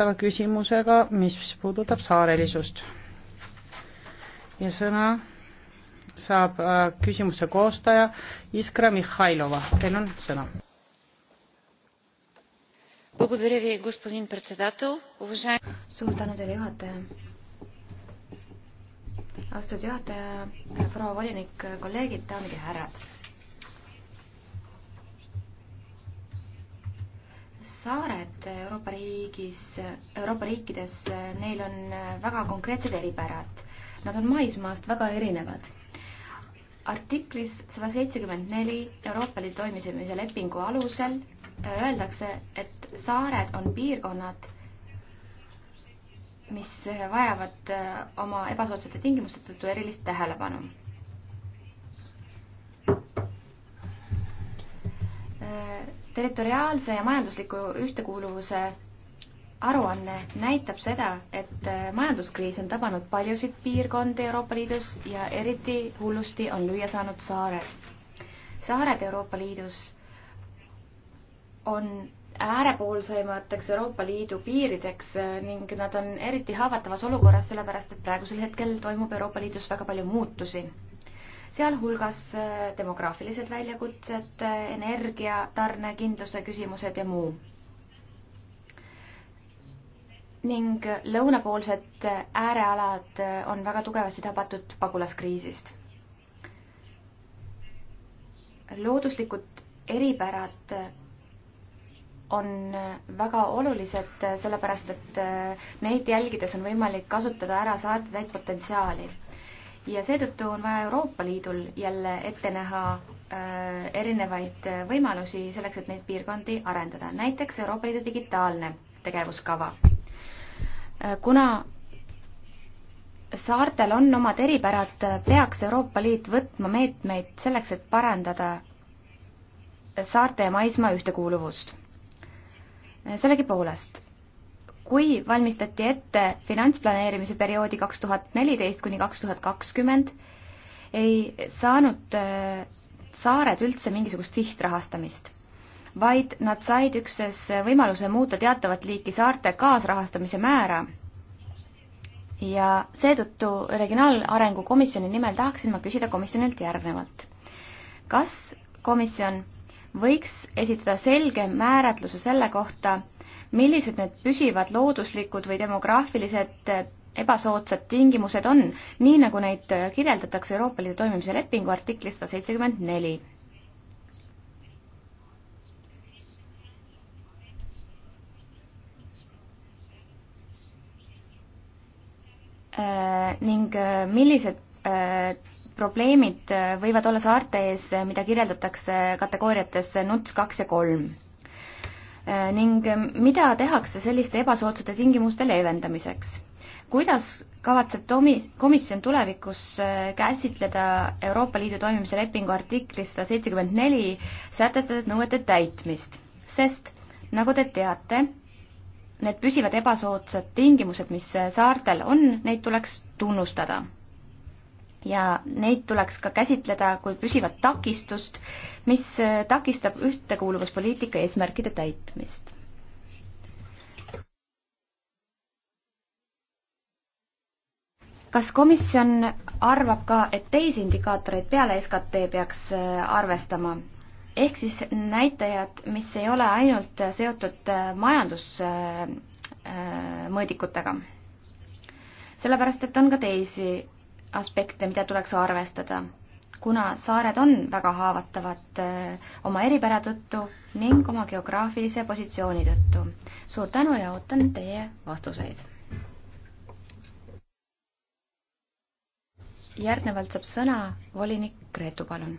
seostava küsimusega, mis puudutab saarelisust. ja sõna saab äh, küsimuse koostaja Iskra Mihhailova, teil on sõna. suur tänu teile, juhataja. austatud juhataja, proua volinik, kolleegid, daamid ja härrad saared Euroopa riigis, Euroopa riikides, neil on väga konkreetsed eripärad. Nad on maismaast väga erinevad. artiklis sada seitsekümmend neli Euroopa Liidu toimimise lepingu alusel äh, öeldakse, et saared on piirkonnad, mis vajavad äh, oma ebasoodsate tingimuste tõttu erilist tähelepanu äh, territoriaalse ja majandusliku ühtekuuluvuse aruanne näitab seda, et äh, majanduskriis on tabanud paljusid piirkondi Euroopa Liidus ja eriti hullusti on lüüa saanud saared. saared Euroopa Liidus on äärepoolseimateks Euroopa Liidu piirideks äh, ning nad on eriti haavatavas olukorras, sellepärast et praegusel hetkel toimub Euroopa Liidus väga palju muutusi sealhulgas äh, demograafilised väljakutsed, äh, energia, tarnekindluse küsimused ja muu. ning lõunapoolsed äh, äärealad on väga tugevasti tabatud pagulaskriisist. looduslikud eripärad on väga olulised, sellepärast et neid jälgides on võimalik kasutada ära saarte täit potentsiaali ja seetõttu on vaja Euroopa Liidul jälle ette näha äh, erinevaid äh, võimalusi selleks, et neid piirkondi arendada, näiteks Euroopa Liidu digitaalne tegevuskava. Äh, kuna saartel on omad eripärad, peaks Euroopa Liit võtma meetmeid selleks, et parandada saarte ja maismaa ühtekuuluvust. sellegipoolest kui valmistati ette finantsplaneerimise perioodi kaks tuhat neliteist kuni kaks tuhat kakskümmend, ei saanud äh, saared üldse mingisugust sihtrahastamist, vaid nad said üksnes võimaluse muuta teatavat liiki saarte kaasrahastamise määra. ja seetõttu Regionaalarengu Komisjoni nimel tahaksin ma küsida komisjonilt järgnevat. kas komisjon võiks esitada selge määratluse selle kohta, millised need püsivad looduslikud või demograafilised äh, ebasoodsad tingimused on, nii nagu neid äh, kirjeldatakse Euroopa Liidu toimimise lepingu artiklis sada seitsekümmend neli. Äh, ning millised probleemid võivad olla saarte ees, mida kirjeldatakse kategooriates NUTS kaks ja kolm Äh, ning ähm, mida tehakse selliste ebasoodsate tingimuste leevendamiseks? kuidas kavatseb tomis-, komisjon tulevikus äh, käsitleda Euroopa Liidu toimimise lepingu artiklis sada seitsekümmend neli sätestatud nõuete täitmist, sest nagu te teate, need püsivad ebasoodsad tingimused, mis äh, saartel on, neid tuleks tunnustada ja neid tuleks ka käsitleda kui püsivat takistust, mis takistab ühtekuuluvuspoliitika eesmärkide täitmist. kas komisjon arvab ka, et teisi indikaatoreid peale SKT peaks äh, arvestama? ehk siis näitajad, mis ei ole ainult seotud äh, majandusmõõdikutega. Äh, sellepärast, et on ka teisi aspekte, mida tuleks arvestada, kuna saared on väga haavatavad eh, oma eripära tõttu ning oma geograafilise positsiooni tõttu. suur tänu ja ootan teie vastuseid. järgnevalt saab sõna volinik Gretu, palun.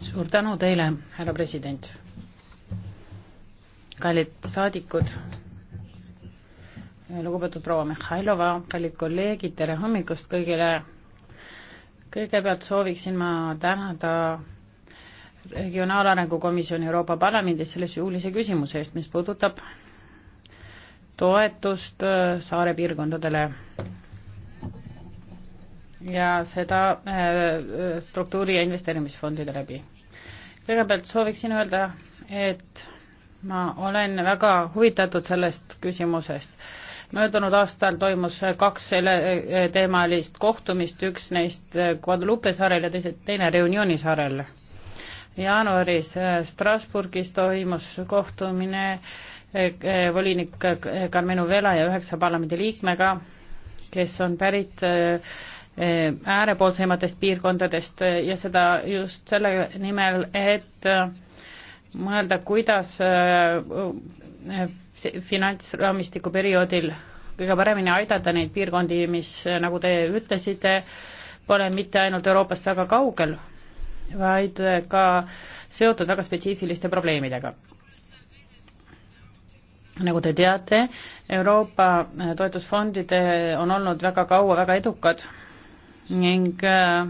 suur tänu teile, härra president. kallid saadikud lugupeetud proua Mihhailova, kallid kolleegid, tere hommikust kõigile. kõigepealt sooviksin ma tänada regionaalarengu komisjoni Euroopa Parlamendis selle suulise küsimuse eest, mis puudutab toetust äh, saare piirkondadele ja seda äh, struktuuri- ja investeerimisfondide läbi. kõigepealt sooviksin öelda, et ma olen väga huvitatud sellest küsimusest möödunud aastal toimus kaks selle eh, teemalist kohtumist, üks neist eh, Guadalupe saarel ja teise, teine Reunioni saarel. jaanuaris eh, Strasbourgis toimus kohtumine volinik Carmenu Vela ja üheksa parlamendiliikmega, kes on pärit äärepoolseimatest piirkondadest ja seda just selle nimel, et mõelda, kuidas finantsraamistiku perioodil kõige paremini aidata neid piirkondi, mis, nagu te ütlesite, pole mitte ainult Euroopast väga kaugel, vaid ka seotud väga spetsiifiliste probleemidega. nagu te teate, Euroopa toetusfondid on olnud väga kaua väga edukad ning äh,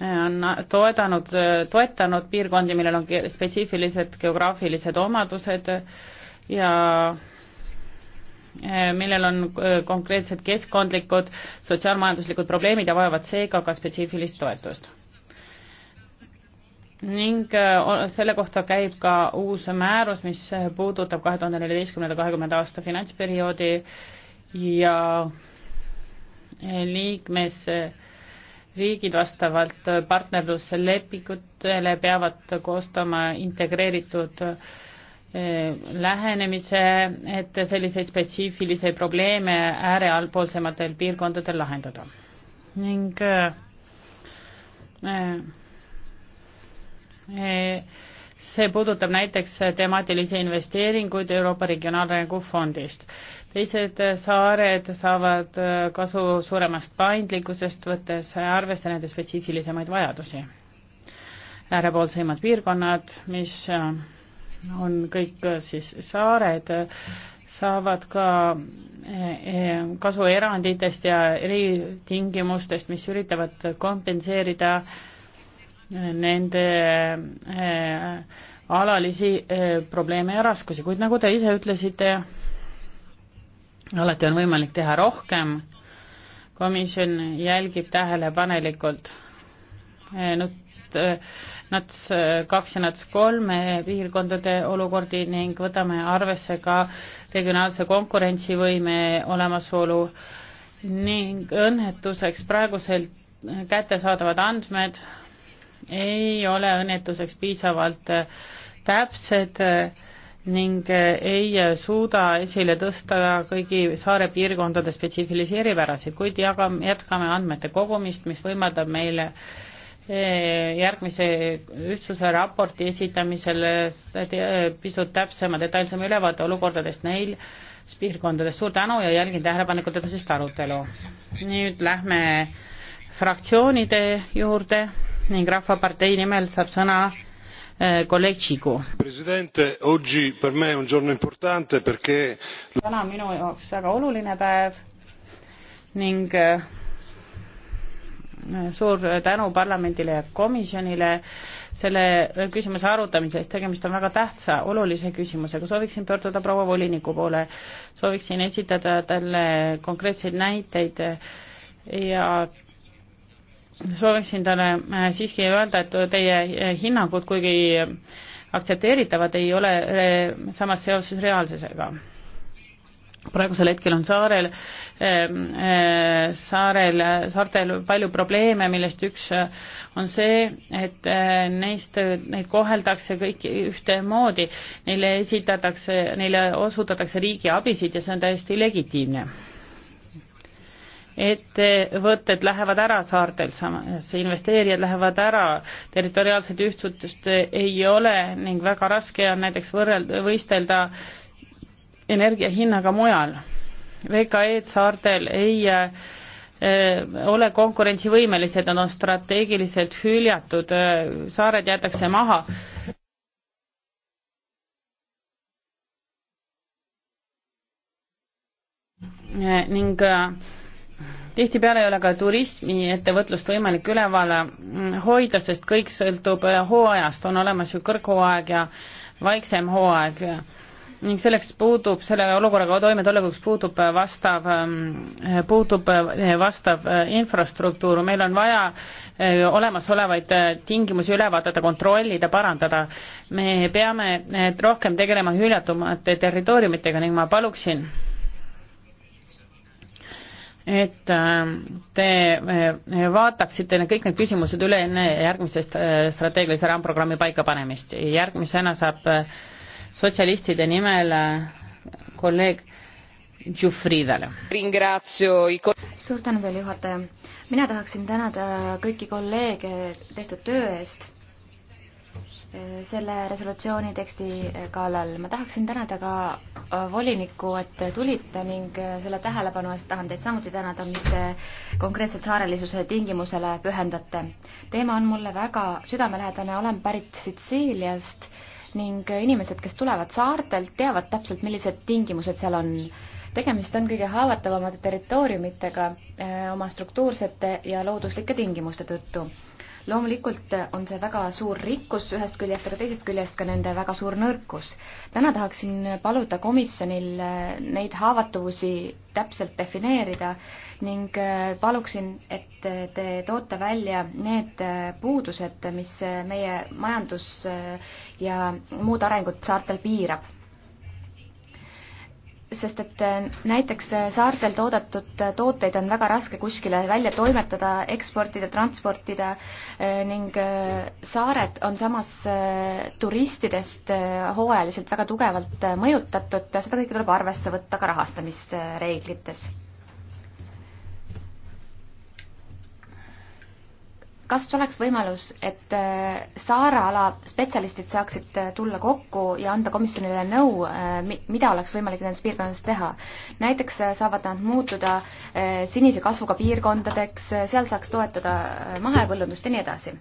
on toetanud, toetanud piirkondi, millel on spetsiifilised geograafilised omadused, ja eh, millel on eh, konkreetsed keskkondlikud, sotsiaalmajanduslikud probleemid ja vajavad seega ka spetsiifilist toetust. ning eh, selle kohta käib ka uus määrus, mis puudutab kahe tuhande neljateistkümnenda, kahekümnenda aasta finantsperioodi ja liikmesriigid vastavalt partnerluslepingutele peavad koostama integreeritud äh, Äh, lähenemise, et selliseid spetsiifilisi probleeme äärealpoolsematel piirkondadel lahendada. ning äh, äh, see puudutab näiteks temaatilisi investeeringuid Euroopa Regionaalarengu Fondist. teised saared saavad kasu suuremast paindlikkusest, võttes arvesse nende spetsiifilisemaid vajadusi. äärepoolseimad piirkonnad, mis on kõik äh, siis saared, äh, saavad ka äh, kasu eranditest ja eritingimustest, mis üritavad kompenseerida nende alalisi probleeme ja raskusi, kuid nagu te ise ütlesite, alati on võimalik teha rohkem, komisjon jälgib tähelepanelikult nüüd just äh, NATS äh, kaks ja NATS kolme piirkondade olukordi ning võtame arvesse ka regionaalse konkurentsivõime olemasolu ning õnnetuseks praegusel kättesaadavad andmed ei ole õnnetuseks piisavalt äh, täpsed ning ei suuda esile tõsta kõigi saare piirkondade spetsiifilisi eripärasid, kuid jagame, jätkame andmete kogumist, mis võimaldab meile Eh, järgmise ühtsuse raporti esitamisel eh, eh, pisut täpsema, detailsema ülevaate olukordadest neil piirkondades. suur tänu ja jälgin tähelepanelikult edasist arutelu. nüüd lähme fraktsioonide juurde ning Rahvapartei nimel saab sõna kolleeg Tšigu. täna on minu jaoks väga oluline päev ning suur tänu parlamendile ja komisjonile selle küsimuse arutamise eest, tegemist on väga tähtsa, olulise küsimusega, sooviksin pöörduda proua voliniku poole, sooviksin esitada talle konkreetseid näiteid ja sooviksin talle äh, siiski öelda, et teie hinnangud, kuigi aktsepteeritavad, ei ole äh, samas seoses reaalsusega praegusel hetkel on saarel, ehm, ehm, saarel, saartel palju probleeme, millest üks eh, on see, et eh, neist, neid koheldakse kõiki ühtemoodi. Neile esitatakse, neile osutatakse riigi abisid ja see on täiesti legitiimne. ettevõtted lähevad ära saartel, samas investeerijad lähevad ära, territoriaalset ühtsutust ei ole ning väga raske on näiteks võrrelda, võistelda äh, energia hinnaga mujal. VKE-d saartel ei eh, ole konkurentsivõimelised, nad on strateegiliselt hüljatud, eh, saared jäetakse maha. Eh, ning tihtipeale ei ole ka turismiettevõtlust võimalik üleval mm, hoida, sest kõik sõltub hooajast, on olemas ju kõrghooaeg ja vaiksem hooaeg ning selleks puudub, selle olukorraga toimetulekuks puudub vastav, ähm, puudub äh, vastav äh, infrastruktuur, meil on vaja äh, olemasolevaid tingimusi üle vaadata, kontrollida, parandada. me peame rohkem tegelema hüljatumate territooriumitega ning ma paluksin, et ähm, te vaataksite kõik need küsimused üle enne järgmise strateegilise raamprogrammi paikapanemist. järgmisena saab sotsialistide nimel äh, kolleeg Giuffridale. suur tänu teile, juhataja. mina tahaksin tänada kõiki kolleege tehtud töö eest äh, selle resolutsiooni teksti äh, kallal. ma tahaksin tänada ka volinikku, et tulite ning selle tähelepanu eest tahan teid samuti tänada, mis te konkreetselt saarelisuse tingimusele pühendate. teema on mulle väga südamelähedane, olen pärit Sitsiiliast ning inimesed, kes tulevad saartelt, teavad täpselt, millised tingimused seal on. tegemist on kõige haavatavamate territooriumitega eh, oma struktuursete ja looduslike tingimuste tõttu loomulikult on see väga suur rikkus ühest küljest, aga teisest küljest ka nende väga suur nõrkus. täna tahaksin paluda komisjonil neid haavatavusi täpselt defineerida ning äh, paluksin, et te toote välja need äh, puudused, mis meie majandus äh, ja muud arengut saartel piirab sest et äh, näiteks äh, saartel toodetud äh, tooteid on väga raske kuskile välja toimetada, eksportida, transportida ning saared on samas turistidest hooajaliselt väga tugevalt mõjutatud, seda kõike tuleb arvesse võtta ka rahastamisreeglites kas oleks võimalus, et äh, Saara-ala spetsialistid saaksid äh, tulla kokku ja anda komisjonile nõu, äh, mida oleks võimalik nendes piirkondades teha? näiteks saavad nad muutuda sinise kasvuga piirkondadeks, seal saaks toetada mahepõllundust ja nii edasi.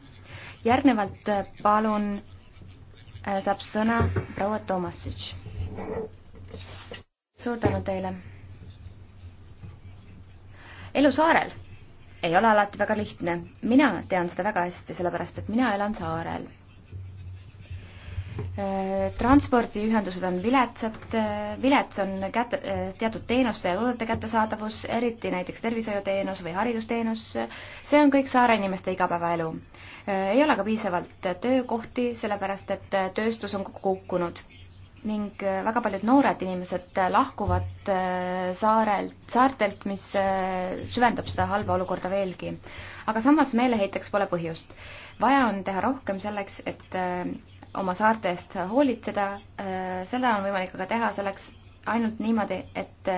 järgnevalt palun, saab sõna proua Tomasic. suur tänu teile. elu saarel ei ole alati väga lihtne. mina tean seda väga hästi, sellepärast et mina elan saarel. Äh, transpordiühendused on viletsad, äh, vilets on kätte, äh, teatud teenuste ja toodete kättesaadavus, eriti näiteks tervishoiuteenus või haridusteenus, see on kõik saare inimeste igapäevaelu. ei ole ka piisavalt töökohti, sellepärast et tööstus on kokku kukkunud ning äh, väga paljud noored inimesed äh, lahkuvad äh, saarelt, saartelt, mis süvendab seda halba olukorda veelgi. aga samas meeleheiteks pole põhjust. vaja on teha rohkem selleks, et oma saarte eest hoolitseda, seda on võimalik aga teha selleks ainult niimoodi, et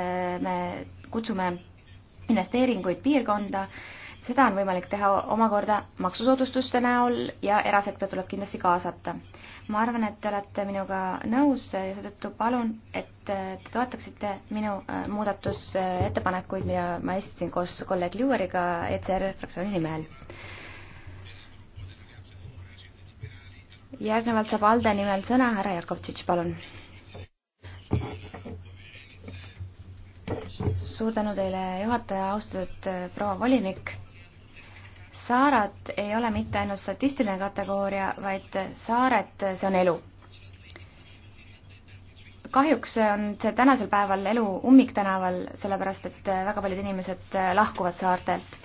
me kutsume investeeringuid piirkonda, seda on võimalik teha omakorda maksusoodustuste näol ja erasektor tuleb kindlasti kaasata. ma arvan, et te olete minuga nõus ja seetõttu palun, et te toetaksite minu äh, muudatusettepanekuid, mida ma esitasin koos kolleeg Liueriga ECR fraktsiooni nimel. järgnevalt saab ALDE nimel sõna härra Jakovtšitš, palun. suur tänu teile, juhataja, austatud äh, proua volinik saared ei ole mitte ainult statistiline kategooria, vaid saared, see on elu. kahjuks on see tänasel päeval elu ummiktänaval, sellepärast et väga paljud inimesed lahkuvad saartelt.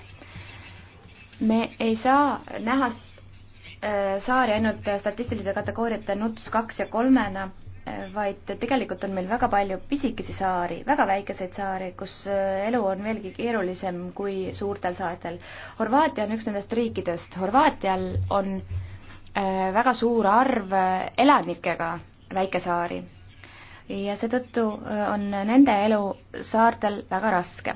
me ei saa näha äh, saari ainult statistilise kategooriate nuts kaks ja kolmena vaid tegelikult on meil väga palju pisikesi saari, väga väikeseid saari, kus äh, elu on veelgi keerulisem kui suurtel saartel. Horvaatia on üks nendest riikidest, Horvaatial on äh, väga suur arv äh, elanikega väikesaari ja seetõttu on nende elu saartel väga raske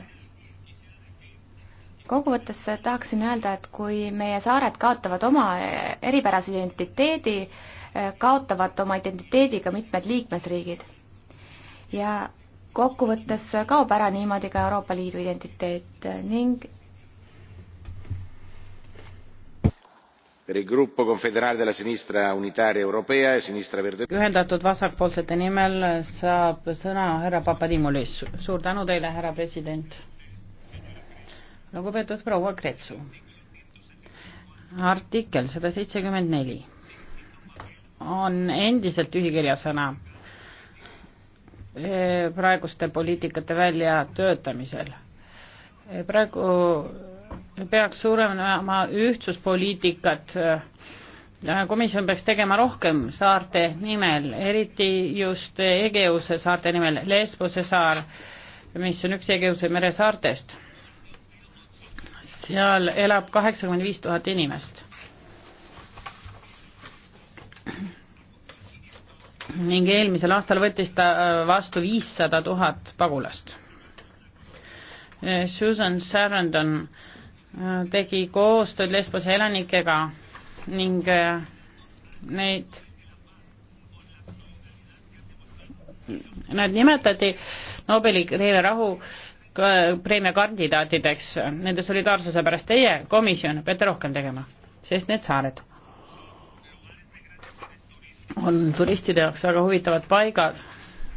kokkuvõttes tahaksin öelda, et kui meie saared kaotavad oma eripärase identiteedi, Äh, kaotavad oma identiteediga mitmed liikmesriigid. ja kokkuvõttes kaob ära niimoodi ka Euroopa Liidu identiteet äh, ning per il gruppo confederale della sinistra unitaria europea e sinistra verde ühendatud vasakpoolsete nimel saab sõna härra Papadimulis. suur tänu teile, härra president. lugupeetud proua Kretsu. artikkel sada seitsekümmend neli on endiselt tühikirjasõna eh, praeguste poliitikate väljatöötamisel. Eh, praegu peaks suurenema ühtsuspoliitikat, eh, komisjon peaks tegema rohkem saarte nimel, eriti just Egeuse saarte nimel, Lesbose saar, mis on üks Egeuse mere saartest. seal elab kaheksakümmend viis tuhat inimest ning eelmisel aastal võttis ta äh, vastu viissada tuhat pagulast. Susan Sarandon äh, tegi koostööd Lesbose elanikega ning äh, neid Nad nimetati Nobeli teine rahu preemia kandidaatideks nende solidaarsuse pärast. Teie komisjon peate rohkem tegema, sest need saared on turistide jaoks väga huvitavad paigad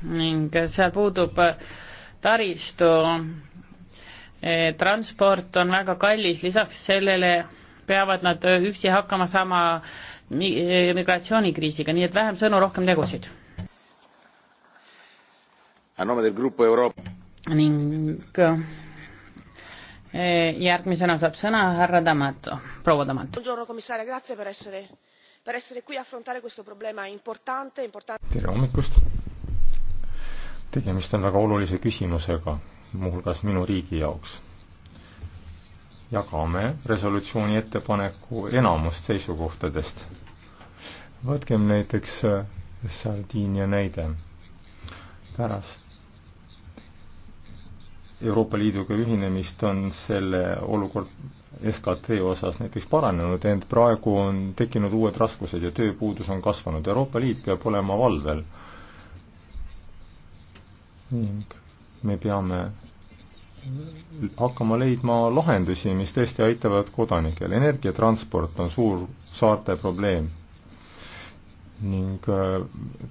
ning seal puudub äh, taristu. Äh, transport on väga kallis, lisaks sellele peavad nad äh, üksi hakkama saama migratsioonikriisiga, nii et vähem sõnu, rohkem tegusid. ning järgmisena saab sõna härra Damato, proua Damato per essere qui a affrontare questo problema importante, importante. tere hommikust! tegemist on väga olulise küsimusega, muuhulgas minu riigi jaoks. jagame resolutsiooni ettepaneku enamust seisukohtadest. võtkem näiteks äh, Sardiinia näide. pärast Euroopa Liiduga ühinemist on selle olukord SKT osas näiteks paranenud, ent praegu on tekkinud uued raskused ja tööpuudus on kasvanud. Euroopa Liit peab olema valvel. ning me peame hakkama leidma lahendusi, mis tõesti aitavad kodanikel. energiatransport on suur saarte probleem ning äh,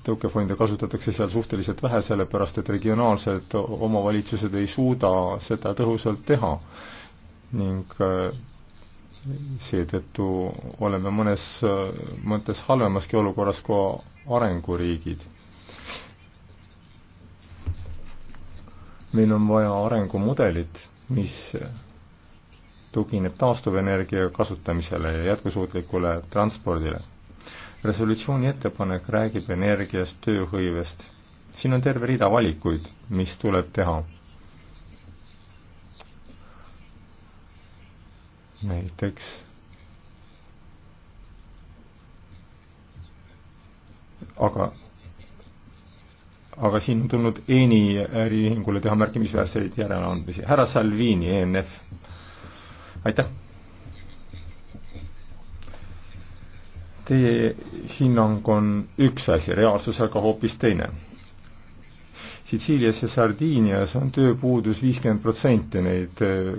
tõukefonde kasutatakse seal suhteliselt vähe, sellepärast et regionaalsed omavalitsused ei suuda seda tõhusalt teha ning äh, seetõttu oleme mõnes äh, mõttes halvemaski olukorras kui arenguriigid. meil on vaja arengumudelit, mis tugineb taastuvenergia kasutamisele ja jätkusuutlikule transpordile. resolutsiooni ettepanek räägib energiast, tööhõivest. siin on terve rida valikuid, mis tuleb teha näiteks aga, aga siin on tulnud ENI äriühingule teha märkimisväärseid järeleandmisi. härra Salvini, ENF, aitäh! Teie hinnang on üks asi, reaalsus aga hoopis teine Sitsiilias ja Sardiinias on tööpuudus viiskümmend protsenti, neid äh,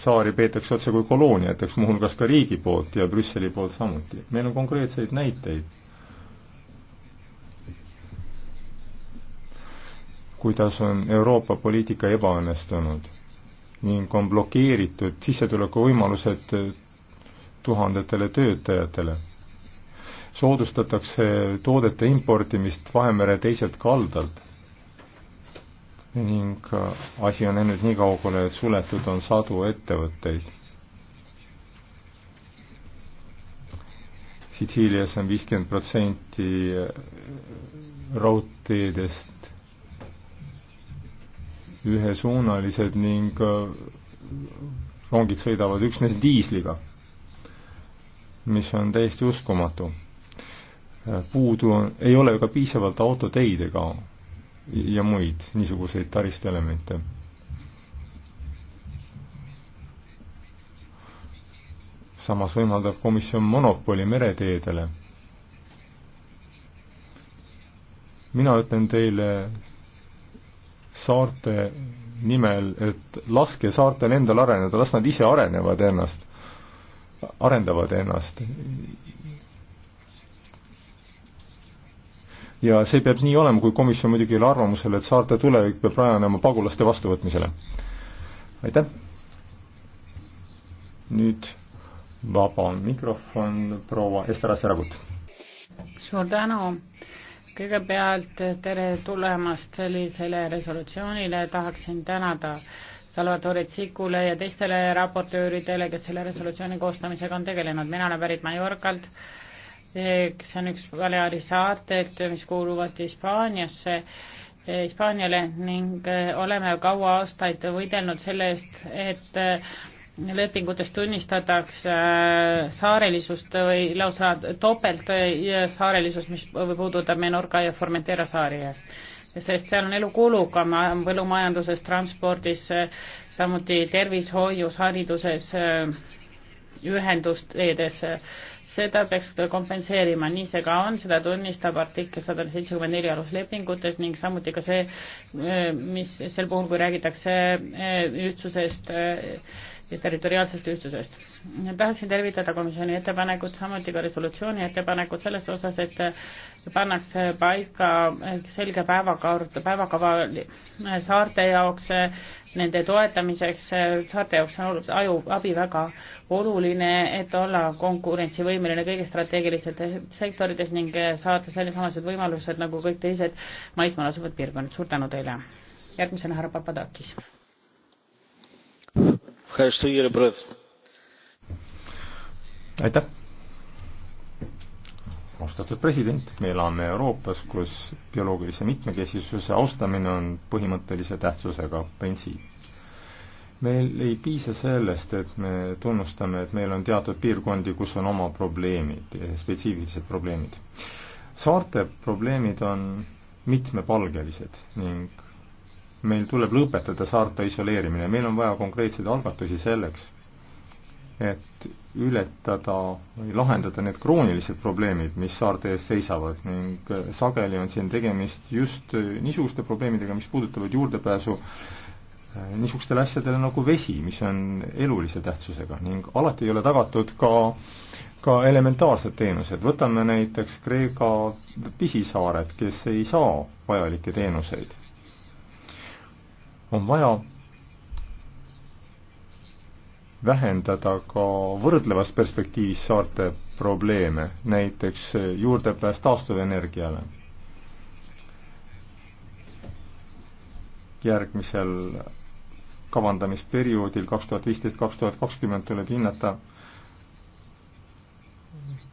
saari peetakse otse kui kolooniateks, muuhulgas ka riigi poolt ja Brüsseli poolt samuti. meil on konkreetseid näiteid, kuidas on Euroopa poliitika ebaõnnestunud ning on blokeeritud sissetulekuvõimalused äh, tuhandetele töötajatele soodustatakse toodete importimist Vahemere teiselt kaldalt ning äh, asi on läinud nii kaugele, et suletud on sadu ettevõtteid. Sitsiilias on viiskümmend protsenti äh, raudteedest ühesuunalised ning äh, rongid sõidavad üksnes diisliga, mis on täiesti uskumatu. puudu on, ei ole ka piisavalt autoteid ega ja muid niisuguseid taristuelemente. samas võimaldab komisjon monopoli mereteedele. mina ütlen teile saarte nimel, et laske saartel endal areneda, las nad ise arenevad ennast, arendavad ennast ja see peab nii olema, kui komisjon muidugi ei ole arvamusel, et saarte tulevik peab rajanema pagulaste vastuvõtmisele. aitäh! nüüd vaba mikrofon proua Ester Aseragut. suur tänu! kõigepealt tere tulemast sellisele resolutsioonile, tahaksin tänada Salvatore Tsikule ja teistele raportööridele, kes selle resolutsiooni koostamisega on tegelenud, mina olen pärit Mallorcalt, see on üks Baleari saartelt, mis kuuluvad Hispaaniasse, Hispaaniale ning äh, oleme kaua aastaid võidelnud selle eest, et äh, lepingutes tunnistatakse äh, saarelisust või lausa topelt saarelisust, mis puudutab Menorca ja Formentera saari. sest seal on elu kulukam põllumajanduses, transpordis, samuti tervishoius, hariduses, ühendusteedes seda peaks kompenseerima, nii see ka on, seda tunnistab artikkel sada seitsekümmend neli aluslepingutes ning samuti ka see, mis sel puhul, kui räägitakse eh, ühtsusest eh, ja territoriaalsest ühtsusest. tahaksin tervitada komisjoni ettepanekut, samuti ka resolutsiooni ettepanekut selles osas, et pannakse paika selge päevakord, päevakava saarte jaoks, nende toetamiseks, saarte jaoks on aju, abi väga oluline, et olla konkurentsivõimeline kõigis strateegilistes sektorites ning saada sellesamased võimalused nagu kõik teised maismaal asuvad piirkonnad. suur tänu teile! järgmisena härra Papadakis aitäh! austatud president, me elame Euroopas, kus bioloogilise mitmekesisuse austamine on põhimõttelise tähtsusega printsiip. meil ei piisa sellest, et me tunnustame, et meil on teatud piirkondi, kus on oma probleemid, spetsiifilised probleemid. saarte probleemid on mitmepalgelised ning meil tuleb lõpetada saarte isoleerimine, meil on vaja konkreetseid algatusi selleks, et ületada või lahendada need kroonilised probleemid, mis saarte ees seisavad ning äh, sageli on siin tegemist just äh, niisuguste probleemidega, mis puudutavad juurdepääsu äh, niisugustele asjadele nagu vesi, mis on elulise tähtsusega ning alati ei ole tagatud ka, ka elementaarsed teenused. võtame näiteks Kreeka pisisaared, kes ei saa vajalikke teenuseid on vaja vähendada ka võrdlevas perspektiivis saarte probleeme, näiteks juurdepääs taastuvenergiale. järgmisel kavandamisperioodil kaks tuhat viisteist, kaks tuhat kakskümmend tuleb hinnata,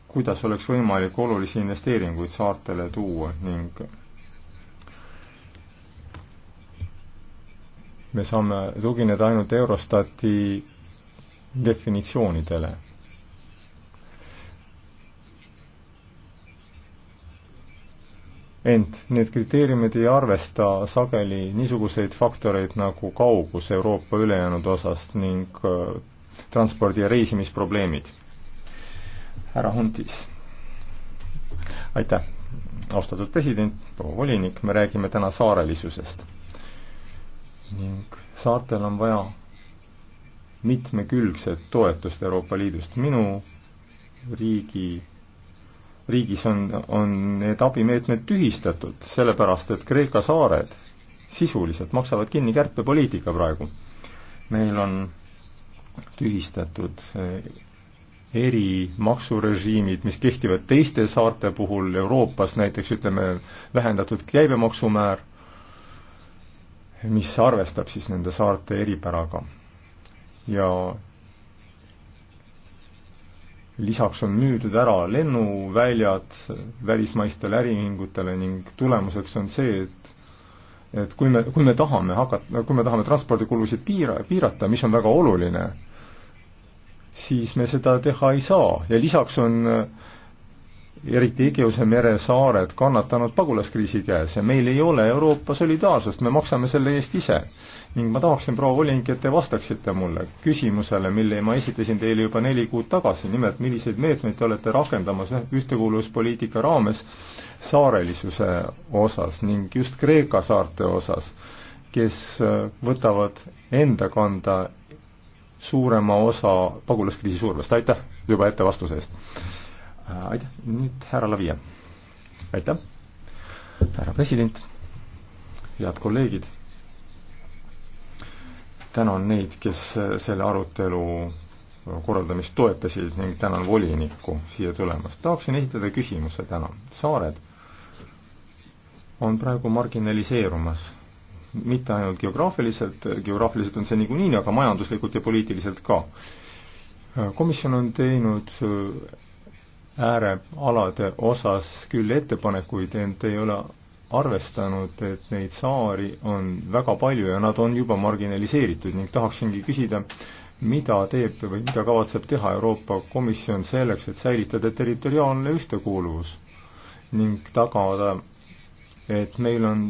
kuidas oleks võimalik olulisi investeeringuid saartele tuua ning me saame tugineda ainult Eurostati definitsioonidele. ent need kriteeriumid ei arvesta sageli niisuguseid faktoreid nagu kaugus Euroopa ülejäänud osast ning äh, transpordi- ja reisimisprobleemid. härra Huntis. aitäh, austatud president, proua volinik, me räägime täna saarelisusest ning saartel on vaja mitmekülgset toetust Euroopa Liidust. minu riigi, riigis on, on need abimeetmed tühistatud, sellepärast et Kreeka saared sisuliselt maksavad kinni kärpepoliitika praegu. meil on tühistatud eh, erimaksurežiimid, mis kehtivad teiste saarte puhul Euroopas, näiteks ütleme, vähendatud käibemaksumäär mis arvestab siis nende saarte eripäraga. ja lisaks on müüdud ära lennuväljad välismaistele äriühingutele ning tulemuseks on see, et et kui me, kui me tahame hakata, kui me tahame transpordikulusid piira, piirata, mis on väga oluline, siis me seda teha ei saa ja lisaks on äh, eriti Egeuse mere saared, kannatanud pagulaskriisi käes ja meil ei ole Euroopa solidaarsust, me maksame selle eest ise. ning ma tahaksin, proua volinik, et te vastaksite mulle küsimusele, mille ma esitasin teile juba neli kuud tagasi, nimelt milliseid meetmeid te olete rakendamas ühtekuuluvuspoliitika raames saarelisuse osas ning just Kreeka saarte osas, kes võtavad enda kanda suurema osa pagulaskriisi survest, aitäh juba ette vastuse eest! Äh, aitäh, nüüd härra Lavia. aitäh, härra president, head kolleegid. tänan neid, kes äh, selle arutelu korraldamist toetasid ning tänan volinikku siia tulemast. tahaksin esitada küsimuse täna. saared on praegu marginaliseerumas, mitte ainult geograafiliselt, geograafiliselt on see niikuinii, aga majanduslikult ja poliitiliselt ka. Äh, komisjon on teinud äärealade osas küll ettepanekuid, ent ei ole arvestanud, et neid saari on väga palju ja nad on juba marginaliseeritud ning tahaksingi küsida, mida teeb või mida kavatseb teha Euroopa Komisjon selleks, et säilitada territoriaalne ühtekuuluvus ning tagada, et meil on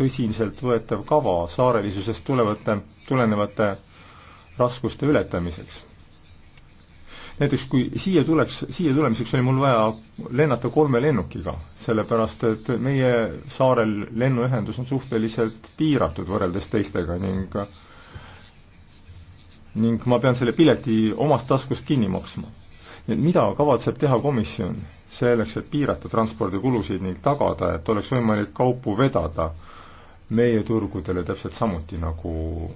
tõsiselt võetav kava saarelisusest tulevate, tulenevate raskuste ületamiseks näiteks kui siia tuleks, siia tulemiseks oli mul vaja lennata kolme lennukiga, sellepärast et meie saarel lennuühendus on suhteliselt piiratud võrreldes teistega ning ning ma pean selle pileti omast taskust kinni maksma. nii et mida kavatseb teha komisjon selleks, et piirata transpordikulusid ning tagada, et oleks võimalik kaupu vedada meie turgudele täpselt samuti, nagu,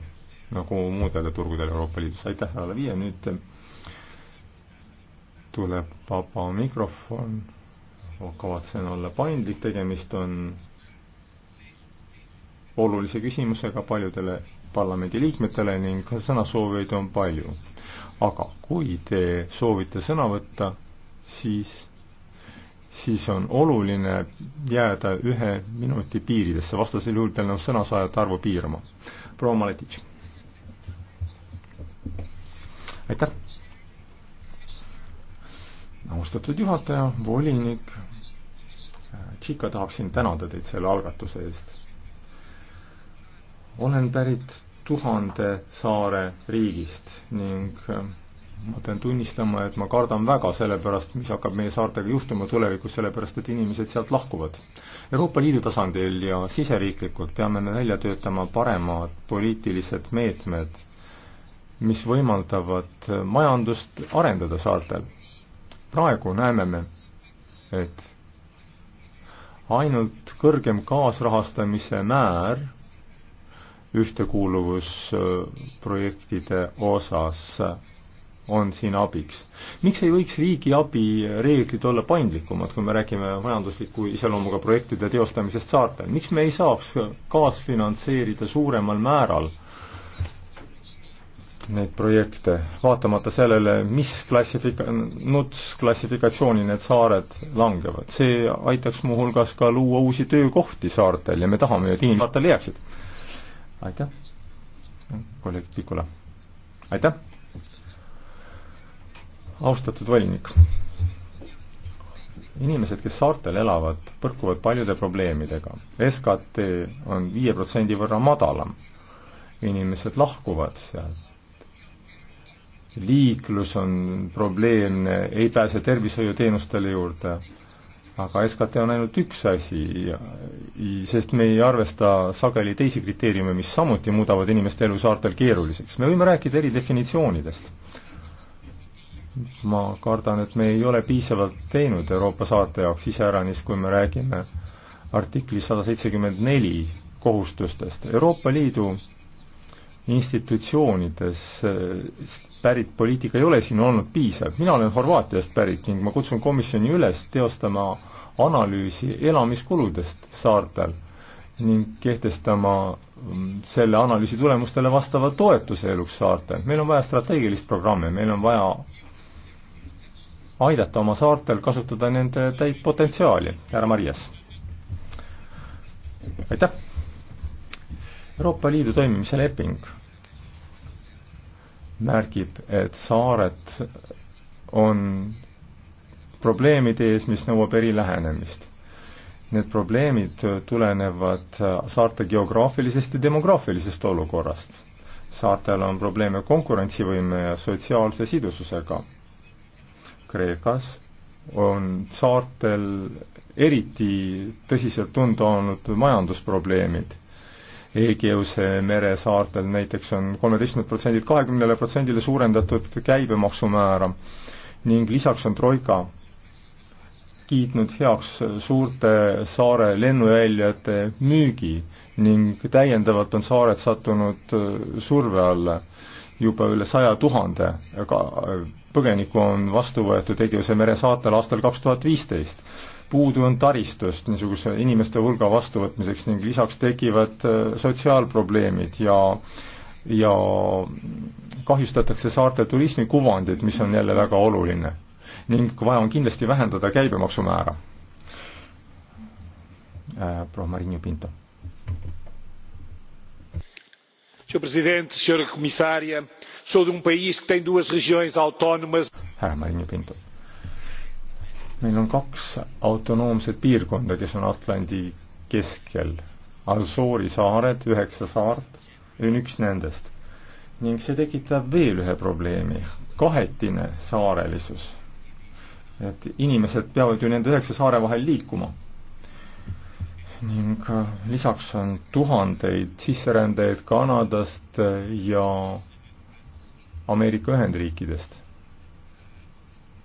nagu muudele turgudele Euroopa Liidus, aitäh härra Levi ja nüüd tuleb vaba mikrofon, kavatsen olla paindlik, tegemist on olulise küsimusega paljudele parlamendiliikmetele ning sõnasoovijaid on palju. aga kui te soovite sõna võtta, siis, siis on oluline jääda ühe minuti piiridesse, vastasel juhul peab nagu sõnasaajate arvu piirama. proua Maletitš. aitäh! austatud juhataja, volinik, Tšika tahaksin tänada teid selle algatuse eest. olen pärit tuhande saare riigist ning ma pean tunnistama, et ma kardan väga selle pärast, mis hakkab meie saartega juhtuma tulevikus, sellepärast et inimesed sealt lahkuvad. Euroopa Liidu tasandil ja siseriiklikult peame me välja töötama paremad poliitilised meetmed, mis võimaldavad majandust arendada saartel praegu näeme me, et ainult kõrgem kaasrahastamise määr ühtekuuluvusprojektide osas on siin abiks. miks ei võiks riigiabi reeglid olla paindlikumad, kui me räägime majandusliku iseloomuga projektide teostamisest saartel, miks me ei saaks kaasfinantseerida suuremal määral äh, neid projekte, vaatamata sellele, mis klassifika-, NUTS klassifikatsiooni need saared langevad. see aitaks muuhulgas ka luua uusi töökohti saartel ja me tahame ju, et inimesed saartele jääksid. aitäh, kolleeg Pikula. aitäh, austatud volinik. inimesed, kes saartel elavad, põrkuvad paljude probleemidega. SKT on viie protsendi võrra madalam. inimesed lahkuvad sealt liiklus on probleemne, ei pääse tervishoiuteenustele juurde. aga SKT on ainult üks asi, sest me ei arvesta sageli teisi kriteeriume, mis samuti muudavad inimeste elu saartel keeruliseks. me võime rääkida eri definitsioonidest. ma kardan, et me ei ole piisavalt teinud Euroopa saarte jaoks iseäranis, kui me räägime artiklis sada seitsekümmend neli kohustustest. Euroopa Liidu institutsioonides eh, pärit poliitika ei ole siin olnud piisav. mina olen Horvaatiast pärit ning ma kutsun komisjoni üles teostama analüüsi elamiskuludest saartel ning kehtestama mm, selle analüüsi tulemustele vastava toetuse eluks saartel. meil on vaja strateegilist programmi, meil on vaja aidata oma saartel kasutada nende täit potentsiaali. härra Marias. aitäh! Euroopa Liidu toimimise leping märgib, et saared on probleemide ees, mis nõuab eri lähenemist. Need probleemid tulenevad saarte geograafilisest ja demograafilisest olukorrast. saartel on probleeme konkurentsivõime ja sotsiaalse sidususega. Kreekas on saartel eriti tõsiselt tunda olnud majandusprobleemid Eegeuse mere saartel näiteks on kolmeteistkümnelt protsendilt kahekümnele protsendile suurendatud käibemaksumäära ning lisaks on Troika kiitnud heaks suurte saare lennuväljade müügi ning täiendavalt on saared sattunud surve alla. juba üle saja tuhande põgeniku on vastu võetud Egeuse mere saartel aastal kaks tuhat viisteist puudu on taristust niisuguse inimeste hulga vastuvõtmiseks ning lisaks tekivad äh, sotsiaalprobleemid ja ja kahjustatakse saarte turismikuvandit, mis on jälle väga oluline. ning vaja on kindlasti vähendada käibemaksumäära äh,. proua Marinho Pinto. Senhor Presidente, Senhora Comissária, sou de um país que tem duas regiões autónomas. Härra Marinho Pinto meil on kaks autonoomset piirkonda, kes on Atlandi keskel. Azoori saared, üheksa saart, on üks nendest. ning see tekitab veel ühe probleemi, kahetine saarelisus. et inimesed peavad ju nende üheksa saare vahel liikuma. ning äh, lisaks on tuhandeid sisserändajaid Kanadast äh, ja Ameerika Ühendriikidest.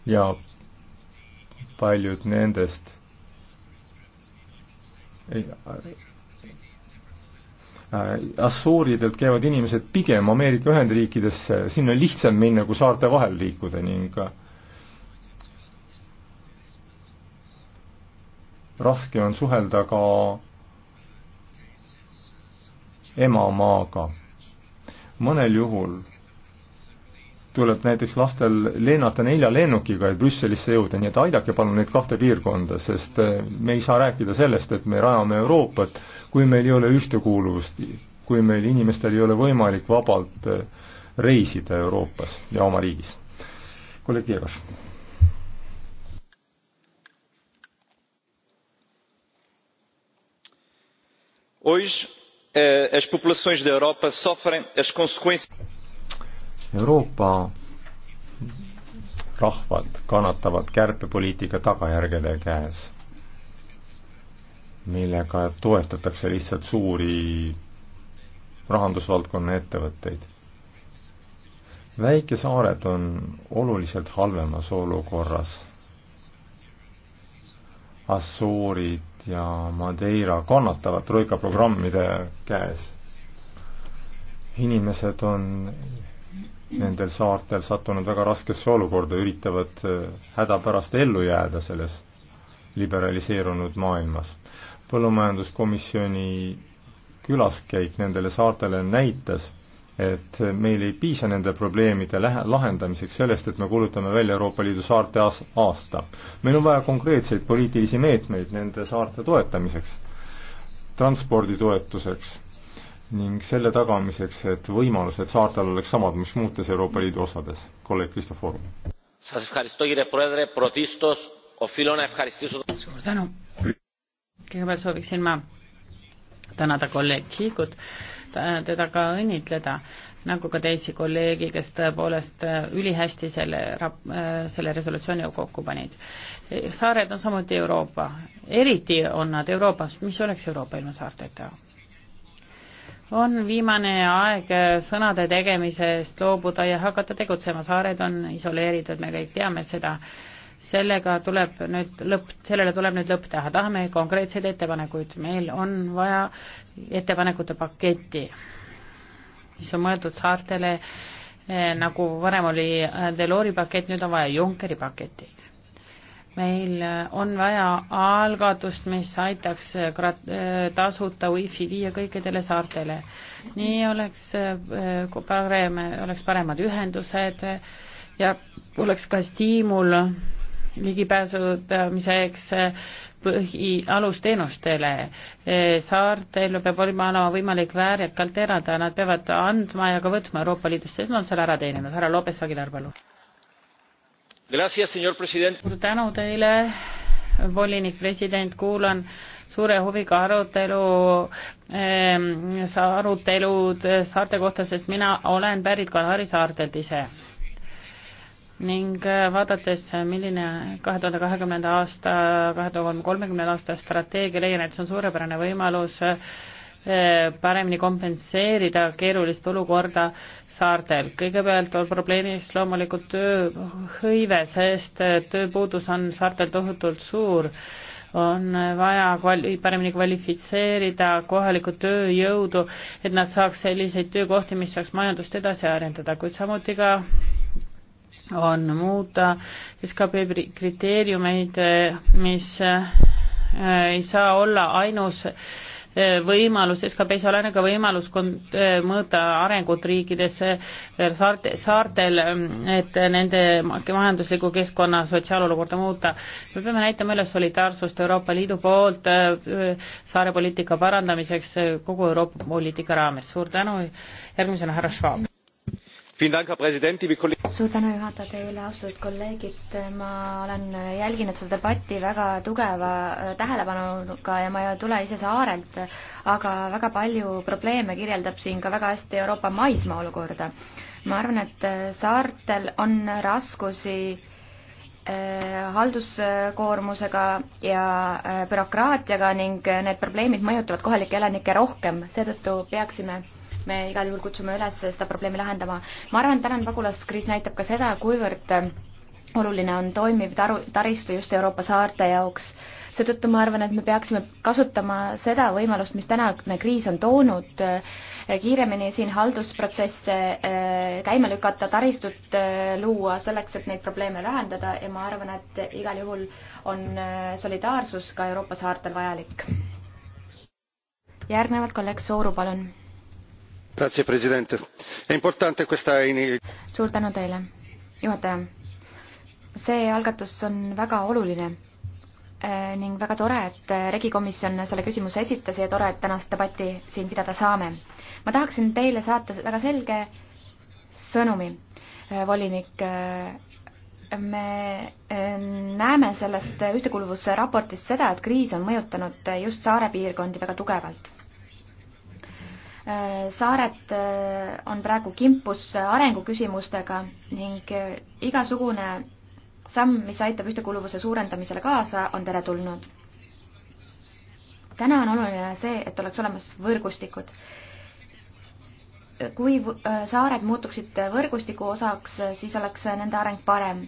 ja paljud nendest äh, Assuuridelt käivad inimesed pigem Ameerika Ühendriikidesse, sinna on lihtsam minna, kui saarte vahel liikuda ning äh, raske on suhelda ka emamaaga. mõnel juhul tuleb näiteks lastel lennata nelja lennukiga, et Brüsselisse jõuda, nii et aidake palun neid kahte piirkonda, sest äh, me ei saa rääkida sellest, et me rajame Euroopat, kui meil ei ole ühtekuuluvust, kui meil inimestel ei ole võimalik vabalt äh, reisida Euroopas ja oma riigis. kolleeg Jevas. Hoje eh, as populações da Europa sofrem as consequências Euroopa rahvad kannatavad kärpepoliitika tagajärgede käes, millega toetatakse lihtsalt suuri rahandusvaldkonna ettevõtteid. väikesaared on oluliselt halvemas olukorras. Assuurid ja Madeira kannatavad troika programmide käes. inimesed on nendel saartel sattunud väga raskesse olukorda, üritavad eh, hädapärast ellu jääda selles liberaliseerunud maailmas. põllumajanduskomisjoni külaskäik nendele saartele näitas, et meil ei piisa nende probleemide lähe-, lahendamiseks sellest, et me kuulutame välja Euroopa Liidu saarte aas-, aasta. meil on vaja konkreetseid poliitilisi meetmeid nende saarte toetamiseks, transporditoetuseks ning selle tagamiseks, et võimalused saartel oleks samad, mis muudes Euroopa Liidu osades. kolleeg Kristofor. suur tänu. kõigepealt sooviksin ma tänada kolleeg Tšiikut, teda ka õnnitleda, nagu ka teisi kolleegi, kes tõepoolest äh, ülihästi selle rap-, äh, selle resolutsiooni kokku panid. saared on samuti Euroopa, eriti on nad Euroopast, mis oleks Euroopa ilma saarteta? on viimane aeg sõnade tegemisest loobuda ja hakata tegutsema, saared on isoleeritud, me kõik teame seda. sellega tuleb nüüd lõpp, sellele tuleb nüüd lõpp teha, tahame konkreetseid ettepanekuid, meil on vaja ettepanekute paketti, mis on mõeldud saartele, eh, nagu varem oli eh, Delori pakett, nüüd on vaja Junckeri paketti meil äh, on vaja algatust, mis aitaks äh, äh, tasuta wifi viia kõikidele saartele. nii oleks parem, oleks paremad ühendused ja oleks ka stiimul ligipääsutamiseks põhialusteenustele. saartel peab olema võimalik väärikalt elada, nad peavad andma ja ka võtma Euroopa Liidust, sest nad on selle ära teeninud. härra Lopes Aguilar, palun suur tänu teile, volinik president, kuulan suure huviga arutelu ähm,, arutelud saarte kohta, sest mina olen pärit Kanari saartelt ise. ning äh, vaadates, milline kahe tuhande kahekümnenda aasta, kahe tuhande kolmekümnenda aasta strateegia, leian, et see on suurepärane võimalus äh, Eh, paremini kompenseerida keerulist olukorda saartel. kõigepealt on probleemiks loomulikult tööhõive, sest eh, tööpuudus on saartel tohutult suur. on vaja kvali-, paremini kvalifitseerida kohalikku tööjõudu, et nad saaks selliseid töökohti, mis saaks majandust edasi arendada, kuid samuti ka on muuta SKP kriteeriumeid, eh, mis ei saa olla ainus äh, Äh, võimalus, SKP-s ei ole ka võimalus kont-, äh, mõõta arengut riikides äh, saarte, saartel, ähm, et nende majandusliku keskkonna sotsiaalolukorda muuta. me peame näitama üles solidaarsust Euroopa Liidu poolt saarepoliitika parandamiseks kogu Euroopa poliitika raames. suur tänu, järgmisena härra Schwab suur tänu juhataja teile, austatud kolleegid, ma olen jälginud seda debatti väga tugeva äh, tähelepanuga ja ma ei tule ise saarelt, aga väga palju probleeme kirjeldab siin ka väga hästi Euroopa maismaa olukorda. ma arvan, et äh, saartel on raskusi äh, halduskoormusega ja bürokraatiaga ning need probleemid mõjutavad kohalikke elanikke rohkem, seetõttu peaksime me igal juhul kutsume üles seda probleemi lahendama. ma arvan, et tänane pagulaskriis näitab ka seda, kuivõrd oluline on toimiv taru, taristu just Euroopa saarte jaoks. seetõttu ma arvan, et me peaksime kasutama seda võimalust, mis tänane kriis on toonud, kiiremini siin haldusprotsesse eh, käima lükata, taristut eh, luua selleks, et neid probleeme lahendada ja ma arvan, et igal juhul on eh, solidaarsus ka Euroopa saartel vajalik. järgnevalt kolleeg Sooru, palun suur tänu teile, juhataja. see algatus on väga oluline eh, ning väga tore, et regikomisjon selle küsimuse esitas ja tore, et tänast debatti siin pidada saame. ma tahaksin teile saata väga selge sõnumi, eh, volinik. Eh, me näeme sellest ühtekuuluvusraportist seda, et kriis on mõjutanud just saare piirkondi väga tugevalt. Äh, saared äh, on praegu kimpus arenguküsimustega ning äh, igasugune samm, mis aitab ühtekuuluvuse suurendamisele kaasa, on teretulnud. täna on oluline see, et oleks olemas võrgustikud kui saared muutuksid võrgustiku osaks, siis oleks nende areng parem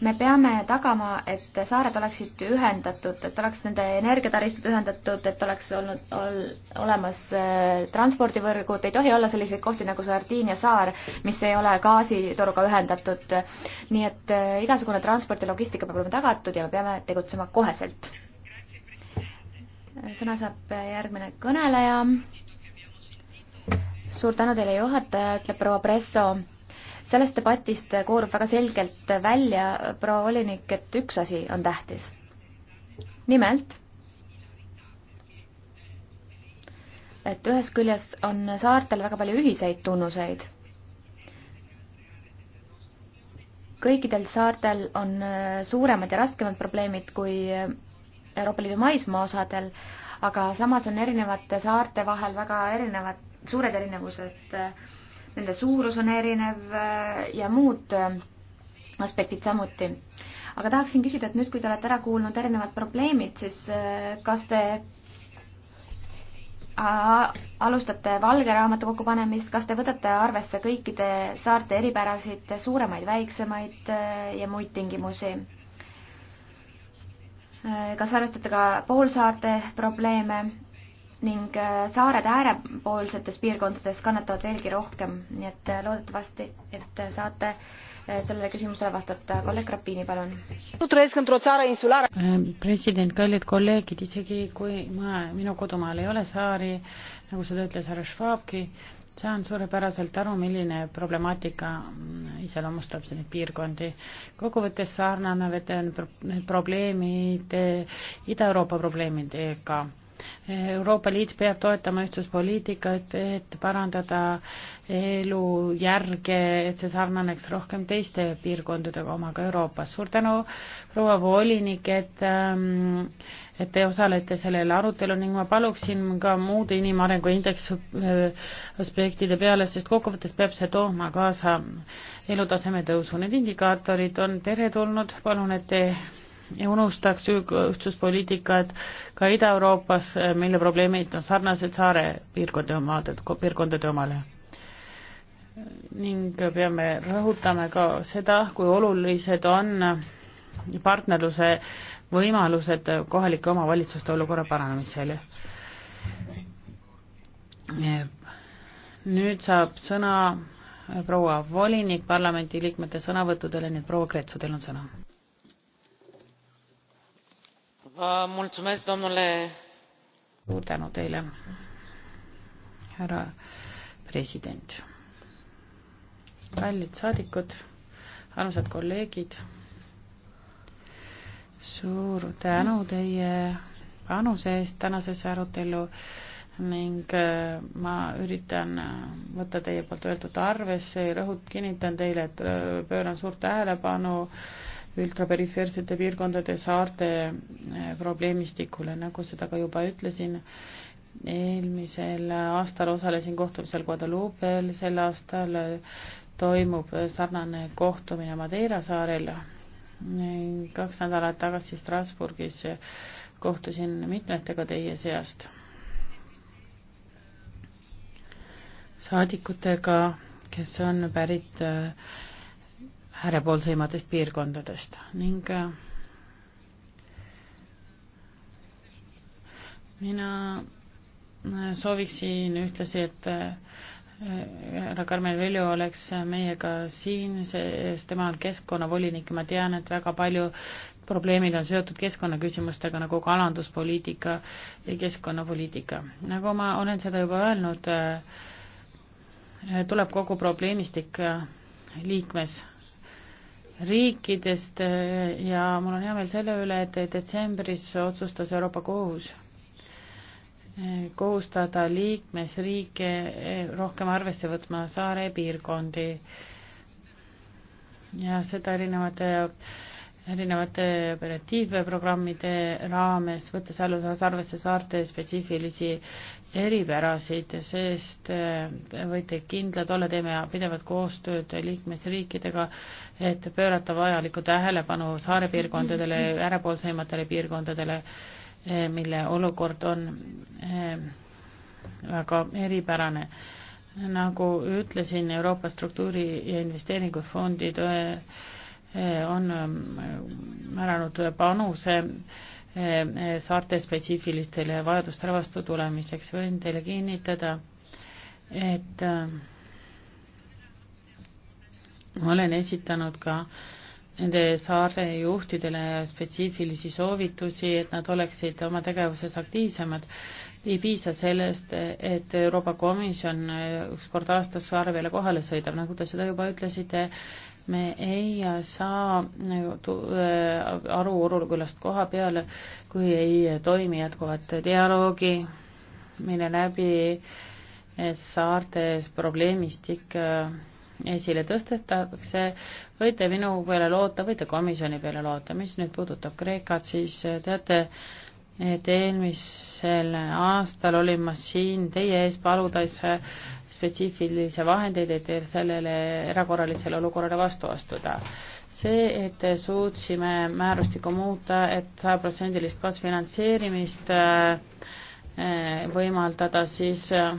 me peame tagama, et saared oleksid ühendatud, et oleks nende energiataristud ühendatud, et oleks olnud ol, olemas äh, transpordivõrgud, ei tohi olla selliseid kohti nagu Sardiinia saar, mis ei ole gaasitoruga ühendatud. nii et äh, igasugune transport ja logistika peab olema tagatud ja me peame tegutsema koheselt. sõna saab järgmine kõneleja. suur tänu teile, juhataja, ütleb proua Presso sellest debatist koorub väga selgelt välja, proua volinik, et üks asi on tähtis. nimelt, et ühest küljest on saartel väga palju ühiseid tunnuseid. kõikidel saartel on suuremad ja raskemad probleemid kui Euroopa Liidu maismaa osadel, aga samas on erinevate saarte vahel väga erinevad, suured erinevused äh, nende suurus on erinev äh, ja muud äh, aspektid samuti. aga tahaksin küsida, et nüüd, kui te olete ära kuulnud erinevad probleemid, siis äh, kas te alustate valge raamatu kokkupanemist, kas te võtate arvesse kõikide saarte eripärasid, suuremaid, väiksemaid ja muid tingimusi? kas arvestate ka poolsaarte probleeme ning äh, saared äärepoolsetes piirkondades kannatavad veelgi rohkem, nii et äh, loodetavasti, et äh, saate sellele küsimusele vastata. kolleeg Rapini, palun. Ähm, president, kallid kolleegid, isegi kui ma, minu kodumaal ei ole saari, nagu seda ütles härra Švabki, saan suurepäraselt aru, milline problemaatika mm, iseloomustab neid piirkondi. kokkuvõttes sarnane need probleemid Ida-Euroopa probleemidega Euroopa Liit peab toetama ühtsuspoliitikat, et parandada elujärge, et see sarnaneks rohkem teiste piirkondadega omaga Euroopas. suur tänu, proua volinik, et ähm, et te osalete sellel arutelul ning ma paluksin ka muude inimarengu indeksi äh, aspektide peale, sest kokkuvõttes peab see tooma kaasa elutaseme tõusu. Need indikaatorid on teretulnud, palun, et te ja unustaks ühtsuspoliitikat ka Ida-Euroopas, eh, mille probleemid on sarnased saare piirkondade omad, piirkondade omale. ning peame rõhutama ka seda, kui olulised on partnerluse võimalused kohalike omavalitsuste olukorra paranemisel. Eh, nüüd saab sõna proua volinik parlamendi liikmete sõnavõttudele, nii et proua Kretsu, teil on sõna domnule härra president kallid saadikud armsad kolleegid suur tänu teie panuse eest tänasesse arutellu ning äh, ma üritan äh, võtta teie poolt öeldut arvesse ja rõhut- kinnitan teile et äh, pööran suurt tähelepanu äh, ultraperifeersete piirkondade saarte eh, probleemistikule, nagu seda ka juba ütlesin, eelmisel aastal osalesin kohtumisel Guadalupe'l, sel aastal eh, toimub eh, sarnane kohtumine Madeira saarel. kaks nädalat tagasi Strasbourgis kohtusin mitmetega teie seast saadikutega, kes on pärit äh, äärepoolseimatest piirkondadest ning äh, mina äh, sooviksin ühtlasi, et äh, härra Karmen Veljo oleks meiega siin, sest tema on keskkonnavolinik ja ma tean, et väga palju probleemid on seotud keskkonnaküsimustega nagu kalanduspoliitika ja keskkonnapoliitika. nagu ma olen seda juba öelnud, tuleb kogu probleemistik liikmes riikidest eh, ja mul on hea meel selle üle, et detsembris otsustas Euroopa Kohus eh, kohustada liikmesriike eh, rohkem arvesse võtma saare piirkondi ja seda erinevate erinevate operatiivprogrammide raames, võttes aluseks arvesse saarte spetsiifilisi eripärasid, sest äh, võite kindlad olla, teeme pidevat koostööd liikmesriikidega, et pöörata vajalikku tähelepanu saare piirkondadele, äärepoolseimatele piirkondadele, äh, mille olukord on äh, väga eripärane. nagu ütlesin, Euroopa struktuuri- ja investeeringufondid on ähm, määranud panuse äh, saarte spetsiifilistele vajadustele vastu tulemiseks. võin teile kinnitada, et ma äh, olen esitanud ka nende saare juhtidele spetsiifilisi soovitusi, et nad oleksid oma tegevuses aktiivsemad. ei piisa sellest, et Euroopa Komisjon äh, üks kord aastas saarele kohale sõidab, nagu te seda juba ütlesite, me ei saa nagu äh, aru Orulkülast koha peale, kui ei toimi jätkuvat dialoogi, mille läbi saartes probleemistik äh, esile tõstetakse, võite minu peale loota, võite komisjoni peale loota, mis nüüd puudutab Kreekat, siis äh, teate, et eelmisel aastal olin ma siin teie ees paludes spetsiifilisi vahendeid, et sellele erakorralisele olukorrale vastu astuda. see, et suutsime määrustikku muuta, et sajaprotsendilist kaasfinantseerimist äh, võimaldada, siis äh,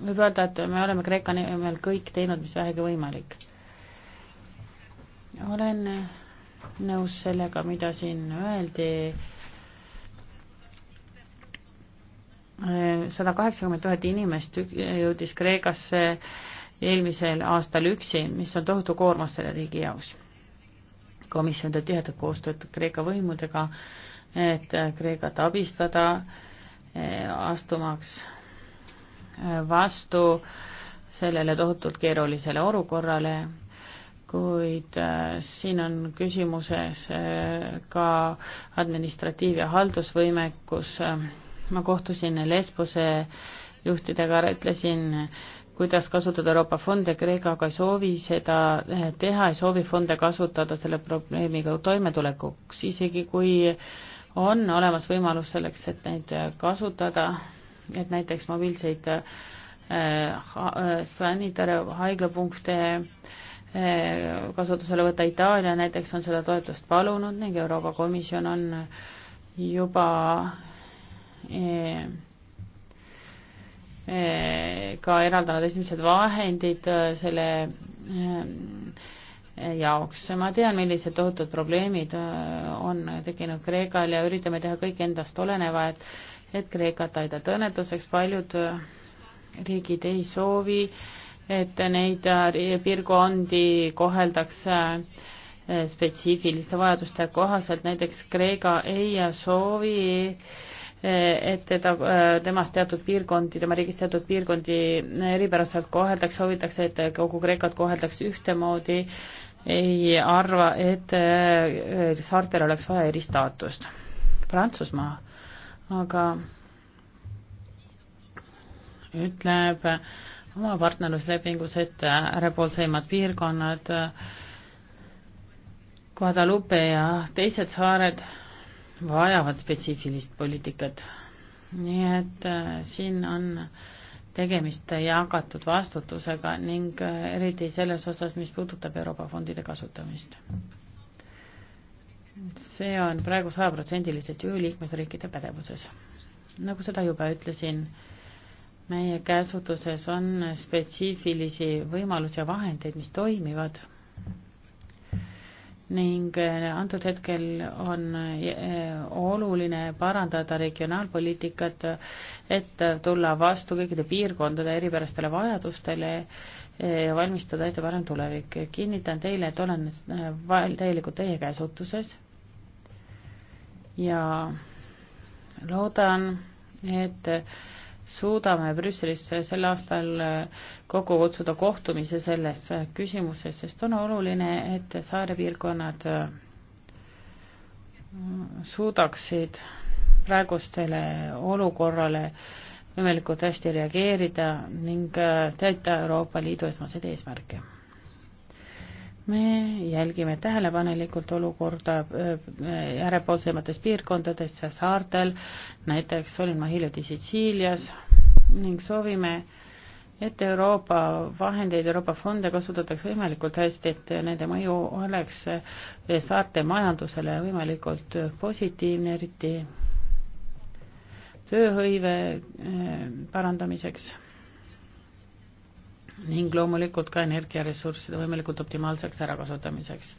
võib öelda, et me oleme Kreeka nimel kõik teinud, mis vähegi võimalik. olen äh, nõus sellega, mida siin öeldi sada kaheksakümmend tuhat inimest jõudis Kreekasse eelmisel aastal üksi, mis on tohutu koormus selle riigi jaoks. komisjon teeb tihedat koostööd Kreeka võimudega, et Kreekat abistada, eh, astumaks eh, vastu sellele tohutult keerulisele olukorrale, kuid eh, siin on küsimuses ka administratiiv- ja haldusvõimekus ma kohtusin Lesbose juhtidega, ütlesin, kuidas kasutada Euroopa fonde, Kreeka aga ei soovi seda teha, ei soovi fonde kasutada selle probleemiga toimetulekuks, isegi kui on olemas võimalus selleks, et neid kasutada, et näiteks mobiilseid äh, äh sanitaar- ja haiglapunkte äh, kasutusele võtta, Itaalia näiteks on seda toetust palunud ning Euroopa Komisjon on juba ka eraldanud esimesed vahendid äh, selle ähm, äh, jaoks. ma tean, millised tohutud probleemid äh, on tekkinud Kreekal ja üritame teha kõik endast oleneva, et, et Kreekat aidata. õnnetuseks paljud riigid ei soovi, et neid piirkondi koheldakse spetsiifiliste vajaduste kohaselt, näiteks Kreeka ei soovi et teda, äh, temast teatud piirkondi, tema riigist teatud piirkondi eripäraselt koheldakse, soovitakse, et kogu Kreekat koheldaks ühtemoodi, ei arva, et äh, saartel oleks vaja eristaatust. Prantsusmaa aga ütleb oma partnerluslepingus, et äärepoolseimad piirkonnad Guadalupe ja teised saared vajavad spetsiifilist poliitikat. nii et äh, siin on tegemist jagatud vastutusega ning äh, eriti selles osas, mis puudutab Euroopa fondide kasutamist. see on praegu sajaprotsendiliselt ju liikmesriikide pädevuses. nagu seda juba ütlesin, meie käsutuses on spetsiifilisi võimalusi ja vahendeid, mis toimivad ning eh, antud hetkel on eh, oluline parandada regionaalpoliitikat, et tulla vastu kõikide piirkondade eripärastele vajadustele eh, ja valmistada ette parem tulevik. kinnitan teile, et olen täielikult teie käesutuses ja loodan, et suudame Brüsselisse sel aastal kokku kutsuda kohtumise selles küsimuses, sest on oluline, et saare piirkonnad mm, suudaksid praegustele olukorrale võimalikult hästi reageerida ning täita Euroopa Liidu esmaseid eesmärke me jälgime tähelepanelikult olukorda äärepoolsemates piirkondades ja saartel, näiteks olin ma hiljuti Sitsiilias ning soovime, et Euroopa vahendeid, Euroopa fonde kasutataks võimalikult hästi, et nende mõju oleks saarte majandusele võimalikult positiivne, eriti tööhõive parandamiseks ning loomulikult ka energiaressursside võimalikult optimaalseks ärakasutamiseks.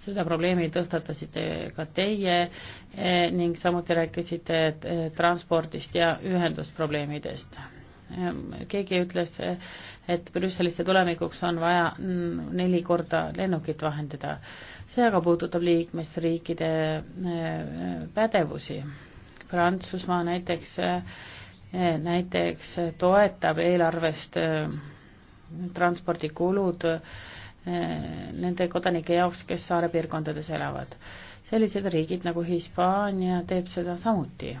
seda probleemi tõstatasite ka teie eh, ning samuti rääkisite eh, transpordist ja ühendusprobleemidest. Eh, keegi ütles, et Brüsselisse tulemikuks on vaja mm, neli korda lennukit vahendada. see aga puudutab liikmesriikide pädevusi. Prantsusmaa näiteks näiteks toetab eelarvest transpordikulud eh, nende kodanike jaoks, kes saarepiirkondades elavad. sellised riigid nagu Hispaania teeb seda samuti.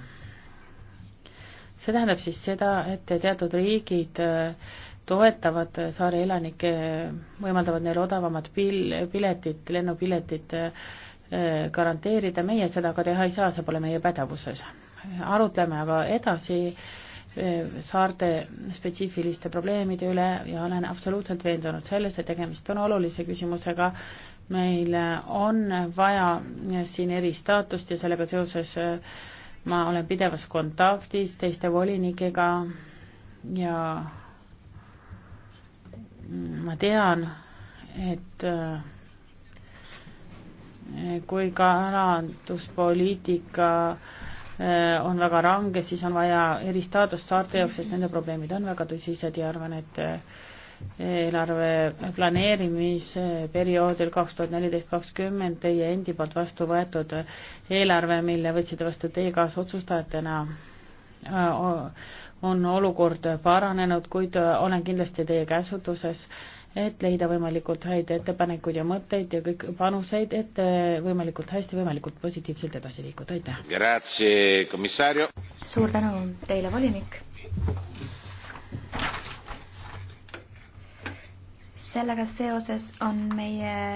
see tähendab siis seda, et teatud riigid eh, toetavad saare elanikke, võimaldavad neile odavamat pil-, piletit, lennupiletit eh, garanteerida, meie seda aga teha ei saa, see pole meie pädevuses. arutleme aga edasi saarte spetsiifiliste probleemide üle ja olen absoluutselt veendunud selles, et tegemist on olulise küsimusega. meil on vaja siin eristaatust ja sellega seoses ma olen pidevas kontaktis teiste volinikega ja ma tean, et eh, kui kalanduspoliitika ka Äh, on väga range, siis on vaja eristaatust saarte jaoks, sest nende probleemid on väga tõsised ja arvan, et äh, eelarve planeerimisperioodil kaks tuhat neliteist, kakskümmend teie endi poolt vastu võetud eelarve, mille võtsite vastu teie kaasotsustajatena, äh, on olukord paranenud, kuid olen kindlasti teie käsutuses et leida võimalikult häid ettepanekuid ja mõtteid ja kõik panuseid, et äh, võimalikult hästi, võimalikult positiivselt edasi liikuda, aitäh! suur tänu teile, volinik! sellega seoses on meie